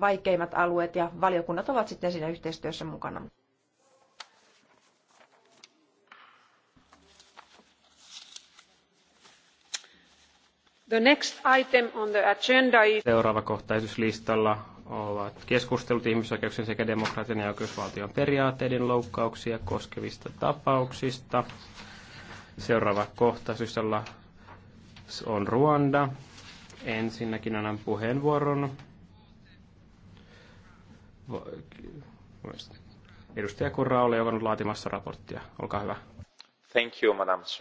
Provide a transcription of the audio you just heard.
vaikeimmat alueet ja valiokunnat ovat sitten siinä yhteistyössä mukana. The next item on the agenda is... Seuraava kohta ovat keskustelut ihmisoikeuksien sekä demokratian ja oikeusvaltion periaatteiden loukkauksia koskevista tapauksista. Seuraava kohta on Ruanda. Ensinnäkin annan puheenvuoron Edustaja Kurra oli jo laatimassa raporttia. Olkaa hyvä. Thank you, Madam